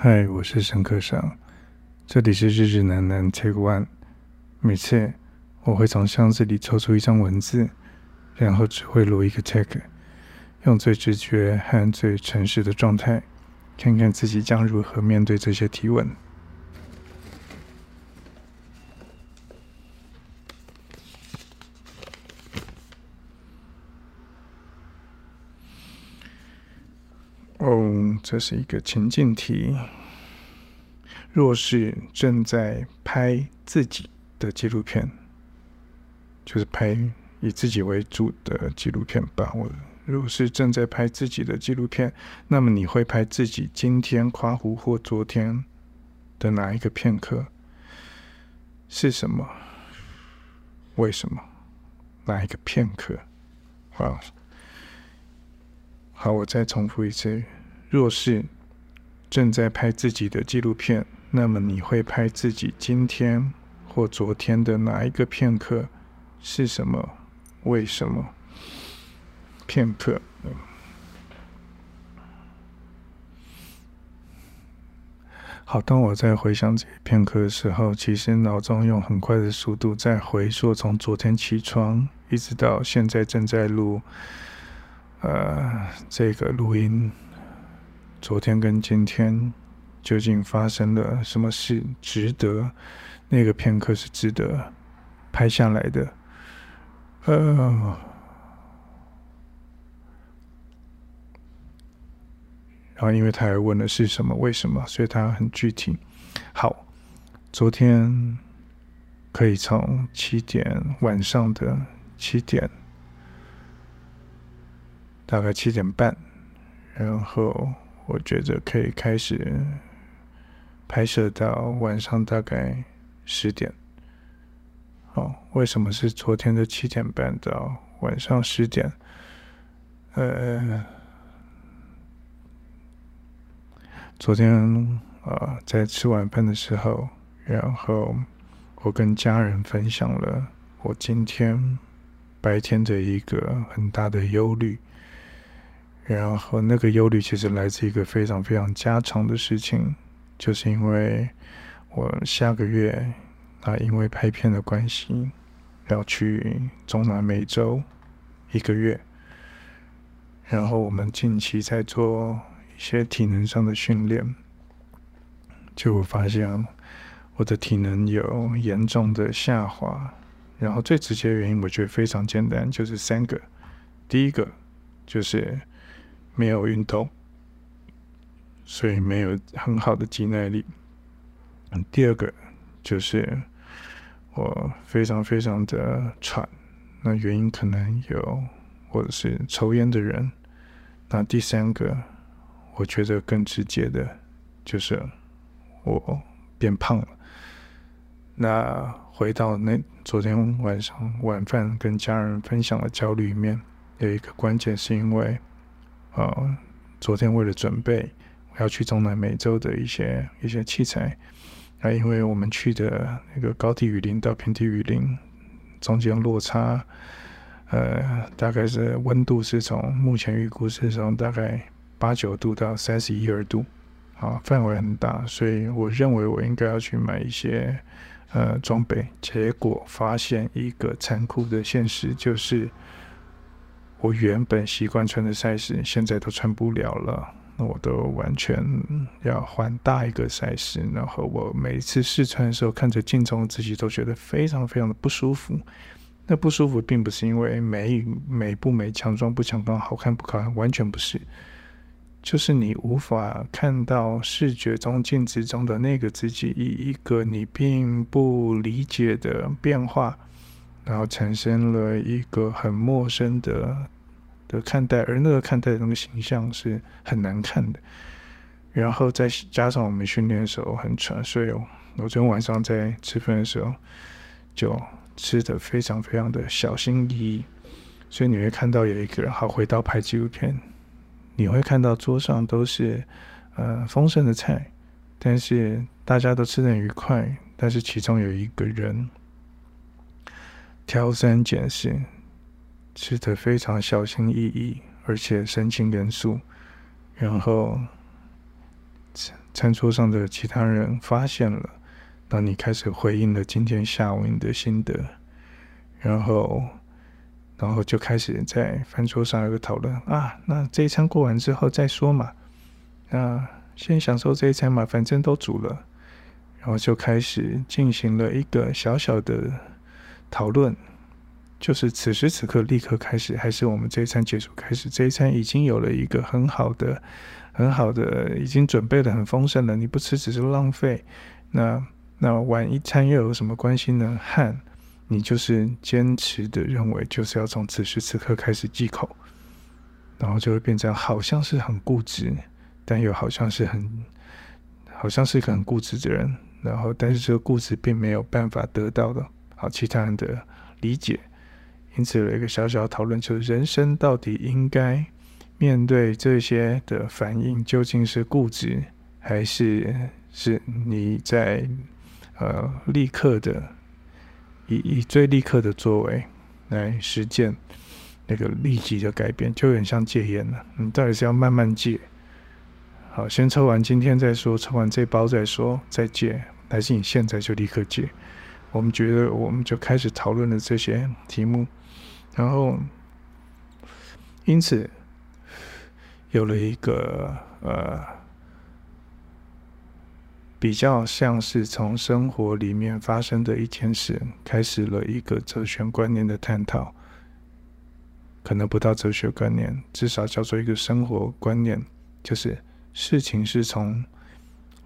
嗨，Hi，我是陳克尚，這裡是日日難難 Take One。每次我會從箱子裡抽出一張文字，然後只會錄一個 Take，用最直覺和最誠實的狀態，看看自己將如何面對這些提問。這是一個情境題。若是正在拍自己的紀錄片，就是拍以自己為主的紀錄片吧。我如果是正在拍自己的紀錄片，那麼你會拍自己今天誇胡或昨天的哪一個片刻？是什麼？為什麼？哪一個片刻？好，好，我再重複一次。若是正在拍自己的紀錄片，那麼你會拍自己今天或昨天的哪一個片刻？是什麼？為什麼？片刻。好，當我在回想這片刻的時候，其實腦中用很快的速度在回溯，從昨天起床一直到現在正在錄，呃，這個錄音。昨天跟今天，究竟發生了什麼事？值得那個片刻是值得拍下來的。呃，然後因為他還問的是什麼、為什麼，所以他很具體。好，昨天可以從七點，晚上的七點，大概七點半，然後。我覺得可以開始拍攝到晚上大概十點。哦，為什麼是昨天的七點半到晚上十點？呃，昨天啊，呃，在吃晚飯的時候，然後我跟家人分享了我今天白天的一個很大的憂慮。然後那個憂慮其實來自一個非常非常家常的事情，就是因為我下個月啊，因為拍片的關係要去中南美洲一個月，然後我們近期在做一些體能上的訓練，就我發現我的體能有嚴重的下滑。然後最直接的原因，我覺得非常簡單，就是三個，第一個就是。沒有運動，所以沒有很好的肌耐力。嗯，第二個就是我非常非常的喘，那原因可能有，或者是抽煙的人。那第三個，我覺得更直接的，就是我變胖了。那回到那昨天晚上晚飯跟家人分享的焦慮裡面，有一個關鍵是因為。呃，昨天為了準備我要去中南美洲的一些一些器材，那、啊、因為我們去的那個高地雨林到平地雨林中間落差，呃，大概是溫度是從目前預估是從大概八九度到三十一二度，啊，範圍很大，所以我認為我應該要去買一些呃裝備。結果發現一個殘酷的現實就是。我原本習慣穿的 size，現在都穿不了了。那我都完全要換大一個 size。然後我每一次試穿的時候，看着鏡中的自己，都覺得非常非常的不舒服。那不舒服並不是因為美與美不美、強壯不強壯、好看不好看，完全不是。就是你無法看到視覺中鏡子中的那個自己，以一個你並不理解的變化。然後產生了一個很陌生的的看待，而那個看待的那個形象是很難看的。然後再加上我們訓練的時候很喘，所以我，我昨天晚上在吃飯的時候就吃的非常非常的小心翼翼。所以你會看到有一個人，好回到拍紀錄片，你會看到桌上都是呃豐盛的菜，但是大家都吃的很愉快，但是其中有一個人。挑三揀四，吃的非常小心翼翼，而且神情嚴肅。然後，餐桌上的其他人發現了，當你開始回應了今天下午你的心得，然後，然後就開始在飯桌上有個討論啊，那這一餐過完之後再說嘛，那先享受這一餐嘛，反正都煮了，然後就開始進行了一個小小的。討論就是此時此刻立刻開始，還是我們這一餐結束開始？這一餐已經有了一個很好的、很好的，已經準備的很豐盛了。你不吃只是浪費。那那晚一餐又有什麼關係呢？漢，你就是堅持的認為，就是要從此時此刻開始忌口，然後就會變成好像是很固執，但又好像是很好像是一個很固執的人。然後，但是這個固執並沒有辦法得到的。好，其他人的理解，因此有一個小小的討論，就是人生到底應該面對這些的反應，究竟是固執，還是是你在呃立刻的以以最立刻的作為來實踐那個立即的改變，就很像戒菸了。你到底是要慢慢戒，好，先抽完今天再說，抽完這包再說再戒，還是你現在就立刻戒？我們覺得，我們就開始討論了這些題目，然後因此有了一個呃，比較像是從生活裡面發生的一件事，開始了一個哲學觀念的探討，可能不到哲學觀念，至少叫做一個生活觀念，就是事情是從。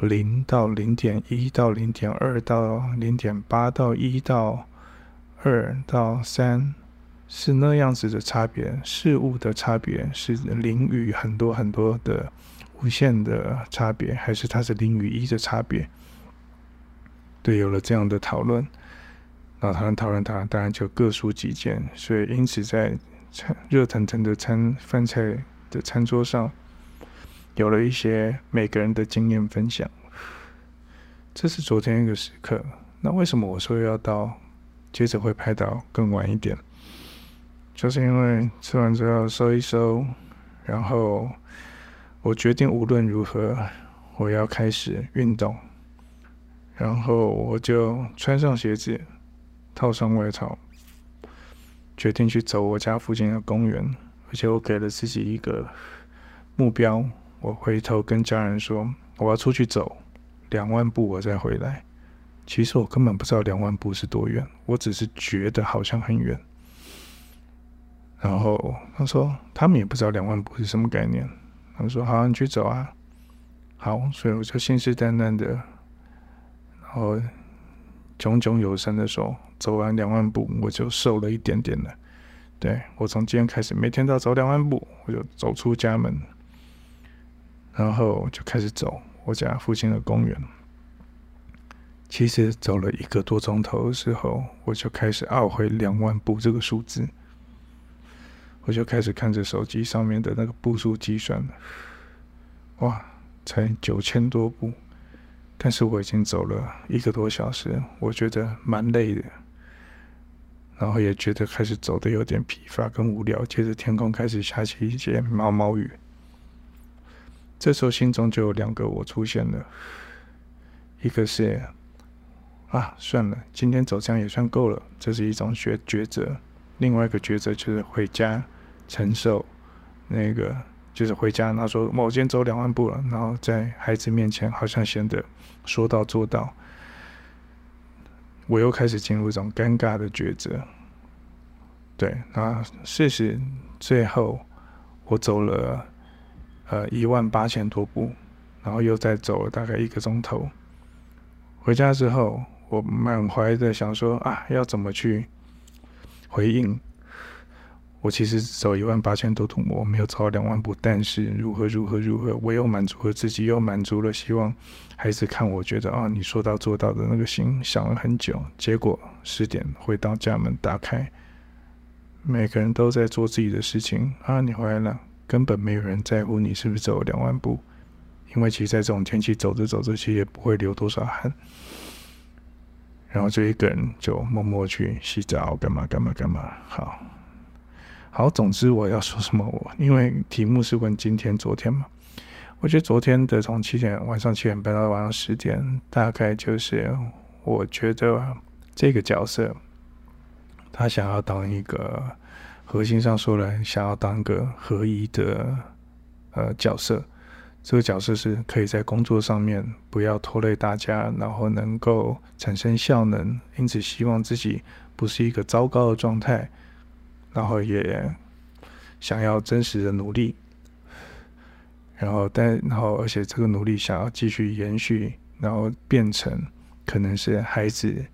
零到零點一到零點二到零點八到一到二到三，是那樣子的差別。事物的差別是零與很多很多的無限的差別，還是它是零與一的差別？對，有了這樣的討論，那他們討論它，當然就各抒己見。所以，因此在熱騰騰的餐飯菜的餐桌上。有了一些每個人的經驗分享，這是昨天一個時刻。那為什麼我說要到，接着會拍到更晚一點？就是因為吃完之後收一收，然後我決定無論如何我要開始運動，然後我就穿上鞋子，套上外套，決定去走我家附近的公園，而且我給了自己一個目標。我回頭跟家人說：“我要出去走兩萬步，我再回來。”其實我根本不知道兩萬步是多遠，我只是覺得好像很遠。然後他說：“他們也不知道兩萬步是什麼概念。”他們說：“好，你去走啊。”好，所以我就信誓旦旦的，然後炯炯有神的說：“走完兩萬步，我就瘦了一點點了。對”對，我從今天開始，每天都要走兩萬步，我就走出家門。然後就開始走我家附近的公園。其實走了一個多鐘頭的時候，我就開始懊悔、啊、兩萬步這個數字。我就開始看着手機上面的那個步數計算，哇，才九千多步，但是我已經走了一個多小時，我覺得蠻累的。然後也覺得開始走的有點疲乏跟無聊，接着天空開始下起一些毛毛雨。這時候心中就有兩個我出現了，一個是啊算了，今天走這樣也算夠了，這是一種學抉擇；另外一個抉擇就是回家承受那個，就是回家。然後說我今天走兩萬步了，然後在孩子面前好像顯得說到做到。我又開始進入一種尷尬的抉擇，對，那事實最後我走了。呃，一萬八千多步，然後又再走了大概一個鐘頭。回家之後，我滿懷的想說啊，要怎麼去回應？我其實走一萬八千多步，我沒有走兩萬步，但是如何如何如何，我又滿足了自己，又滿足了希望。孩子看我，覺得啊，你說到做到的那個心，想了很久。結果十點回到家門打開，每個人都在做自己的事情啊，你回來了。根本沒有人在乎你是不是走兩萬步，因為其實在這種天氣走着走着，其實也不會流多少汗，然後就一個人就默默去洗澡，幹嘛幹嘛幹嘛。好，好，總之我要說什麼？我因為題目是問今天、昨天嘛，我覺得昨天的從七點晚上七點半到晚上十點，大概就是我覺得這個角色他想要當一個。核心上說來，想要當個合一的呃角色，這個角色是可以在工作上面不要拖累大家，然後能夠產生效能，因此希望自己不是一個糟糕的狀態，然後也想要真實的努力，然後但然後而且這個努力想要繼續延續，然後變成可能是孩子。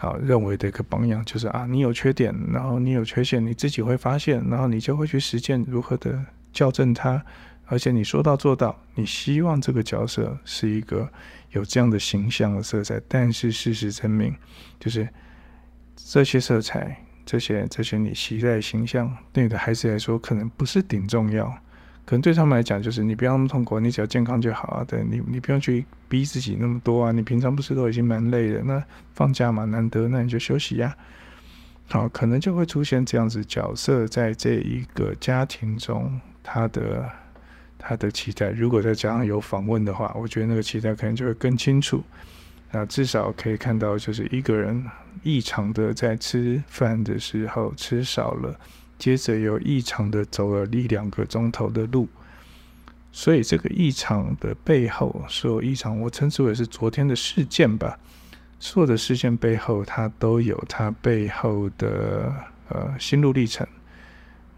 好，認為的一個榜樣就是啊，你有缺點，然後你有缺陷，你自己會發現，然後你就會去實踐如何的校正它，而且你說到做到，你希望這個角色是一個有這樣的形象的色彩，但是事實證明，就是這些色彩，這些這些你期待的形象，對你的孩子來說，可能不是頂重要。可能對他們來講，就是你不要那麼痛苦，你只要健康就好啊。對你，你不用去逼自己那麼多啊。你平常不是都已經蠻累的？那放假嘛，難得，那你就休息呀，啊。好，可能就會出現這樣子角色，在這一個家庭中，他的他的期待，如果再加上有訪問的話，我覺得那個期待可能就會更清楚。那，啊，至少可以看到，就是一個人異常的在吃飯的時候吃少了。接着又異常的走了一兩個鐘頭的路，所以這個異常的背後，所有異常，我稱之為是昨天的事件吧。所有的事件背後，它都有它背後的呃心路歷程。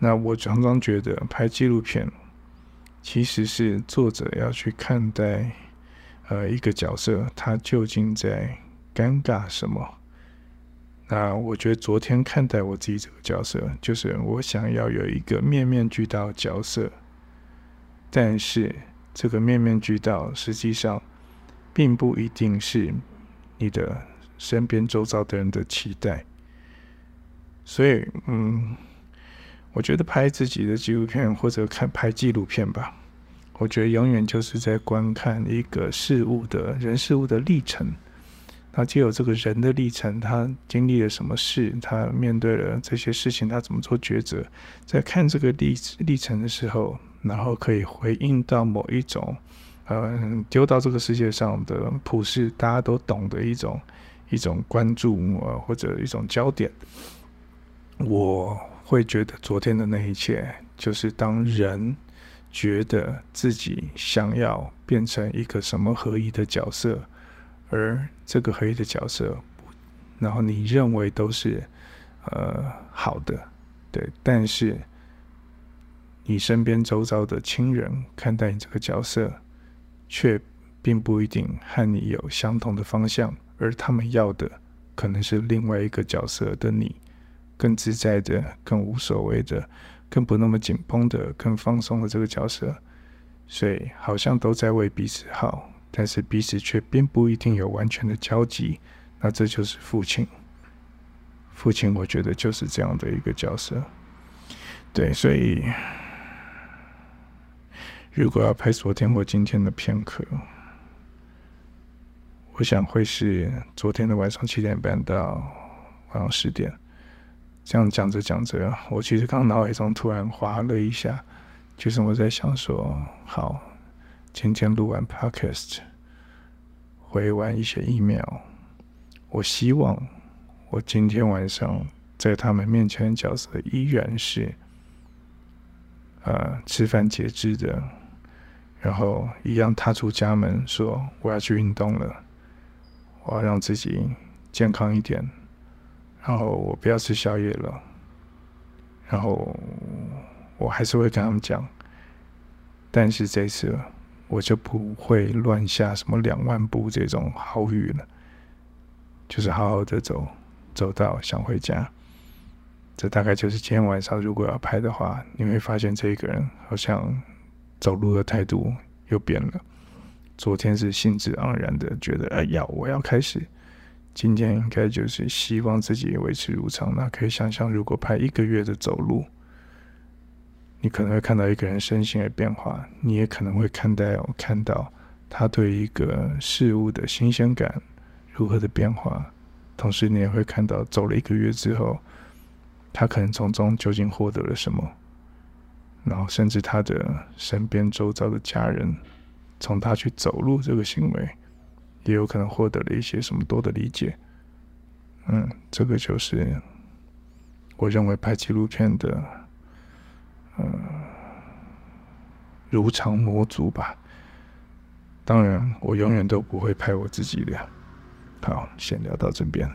那我常常覺得拍紀錄片，其實是作者要去看待呃一個角色，他究竟在尷尬什麼？那我覺得昨天看待我自己這個角色，就是我想要有一個面面俱到角色，但是這個面面俱到實際上並不一定是你的身邊周遭的人的期待。所以，嗯，我覺得拍自己的紀錄片或者看，拍紀錄片吧，我覺得永遠就是在觀看一個事物的，人事物的歷程。他藉由這個人的歷程，他經歷了什麼事，他面對了這些事情，他怎麼做抉擇？在看這個歷歷程的時候，然後可以回應到某一種，嗯、呃，丟到這個世界上的普世大家都懂的一種一種關注啊，或者一種焦點。我會覺得昨天的那一切，就是當人覺得自己想要變成一個什麼合一的角色。而這個黑的角色，然後你認為都是呃、好的，對，但是你身邊周遭的親人看待你這個角色，卻並不一定和你有相同的方向，而他們要的可能是另外一個角色的你，更自在的、更無所謂的、更不那麼緊繃的、更放鬆的這個角色，所以好像都在為彼此好。但是彼此卻並不一定有完全的交集，那這就是父親。父親，我覺得就是這樣的一個角色。對，所以如果要拍昨天或今天的片刻，我想會是昨天的晚上七點半到晚上十點，這樣講着講着，我其實剛腦海中突然滑了一下，就是我在想說，好。今天錄完 Podcast，回完一些 email，我希望我今天晚上在他們面前的角色依然是、呃、吃飯節制的，然後一樣踏出家門說我要去運動了，我要讓自己健康一點，然後我不要吃宵夜了，然後我還是會跟他們講，但是這次。我就不會亂下什麼兩萬步這種豪語了，就是好好的走，走到想回家，這大概就是今天晚上如果要拍的話，你會發現這個人好像走路的態度又變了。昨天是興致盎然的，覺得哎呀，我要開始，今天應該就是希望自己也維持如常。那可以想像，如果拍一個月的走路。你可能會看到一個人身心的變化，你也可能會看待、哦、看到他對一個事物的新鮮感如何的變化，同時你也會看到走了一個月之後，他可能從中究竟獲得了什麼，然後甚至他的身邊周遭的家人，從他去走路這個行為，也有可能獲得了一些什麼多的理解。嗯，這個就是我認為拍紀錄片的。嗯，如常魔族吧。當然，我永遠都不會拍我自己的。好，先聊到這邊。